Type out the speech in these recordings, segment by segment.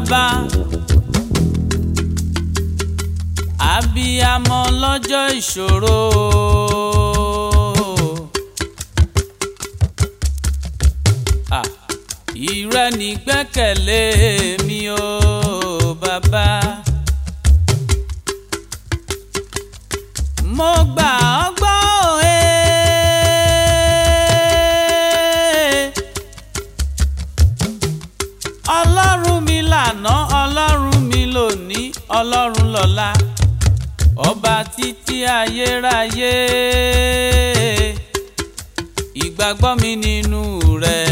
bàbá abiyamọ lọ́jọ́ ìṣòro. Ah, ìrẹ́ ni gbẹ́kẹ̀lé mi o. títí ayérayé ìgbàgbọ́ mi nínú rẹ̀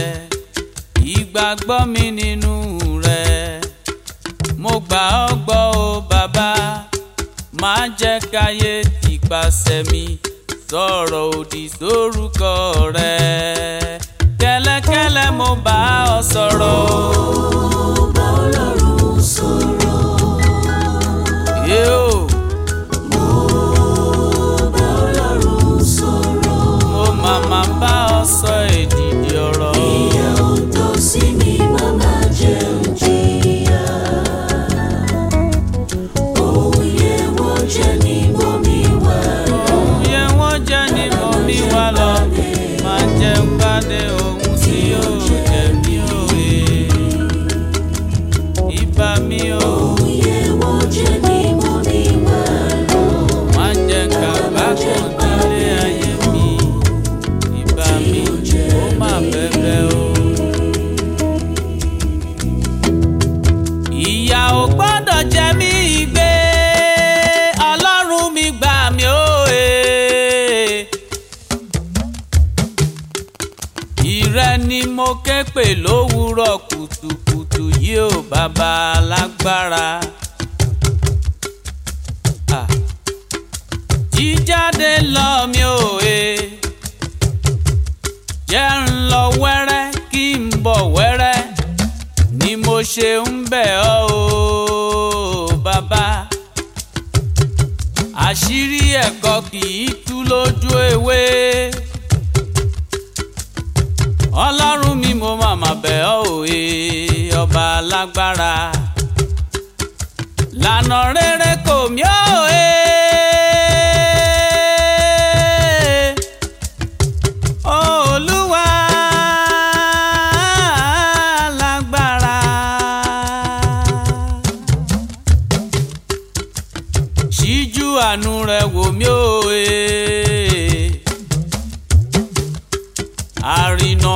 ìgbàgbọ́ mi nínú rẹ̀ mo gbà ọ́ gbọ́ o bàbá máa jẹ́ káyé tìpasẹ̀ mi sọ̀rọ̀ òdì sórúkọ rẹ̀ kẹ́lẹ́kẹ́lẹ́ mo bá ọ sọ̀rọ̀. Oh, ¡Adiós! mo ké pè lówùúrọ̀ kùtùkùtù yìí ò bàbá alágbára. jíjáde lọ mi ò he jẹ́ ń lọ wẹ́rẹ́ kí n bọ̀ wẹ́rẹ́ ni mo ṣe ń bẹ̀ ọ́ o bàbá àṣírí ẹ̀kọ́ kì í tú lójú ewé ọlọ́run mi mo màmá bẹ̀ ọ́ òye ọba alágbára lànà rere kò mí òye.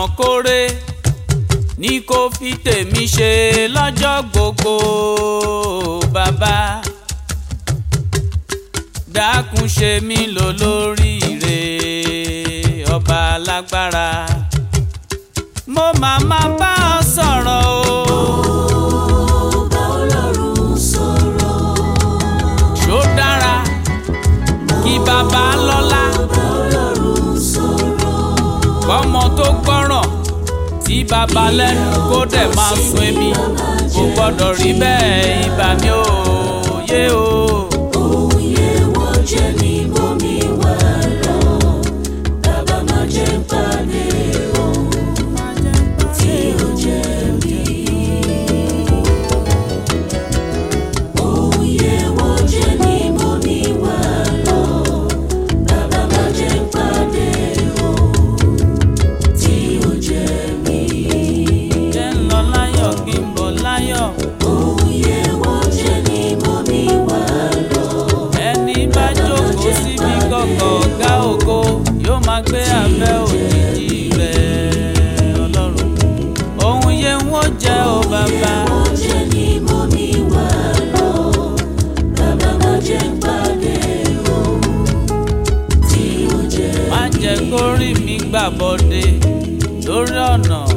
ọ̀nà kórè ní kò fi tèmi ṣe lọ́jọ́ gbogbo bàbá dákun ṣe mí lò lóríire ọba alágbára mo máa bá ọ sọ̀rọ̀ o. sí baba lẹ́nu kó dẹ̀ máa sun èmi kò gbọ́dọ̀ rí bẹ́ẹ̀ ibà mi ò. ọ̀gá ògo yóò máa gbé abẹ́ òjìji rẹ̀ ọlọ́run òun yẹ ń wọ́n jẹ́ o bàbá. má jẹ́ kórìí mi gbàbọ̀dé lórí ọ̀nà.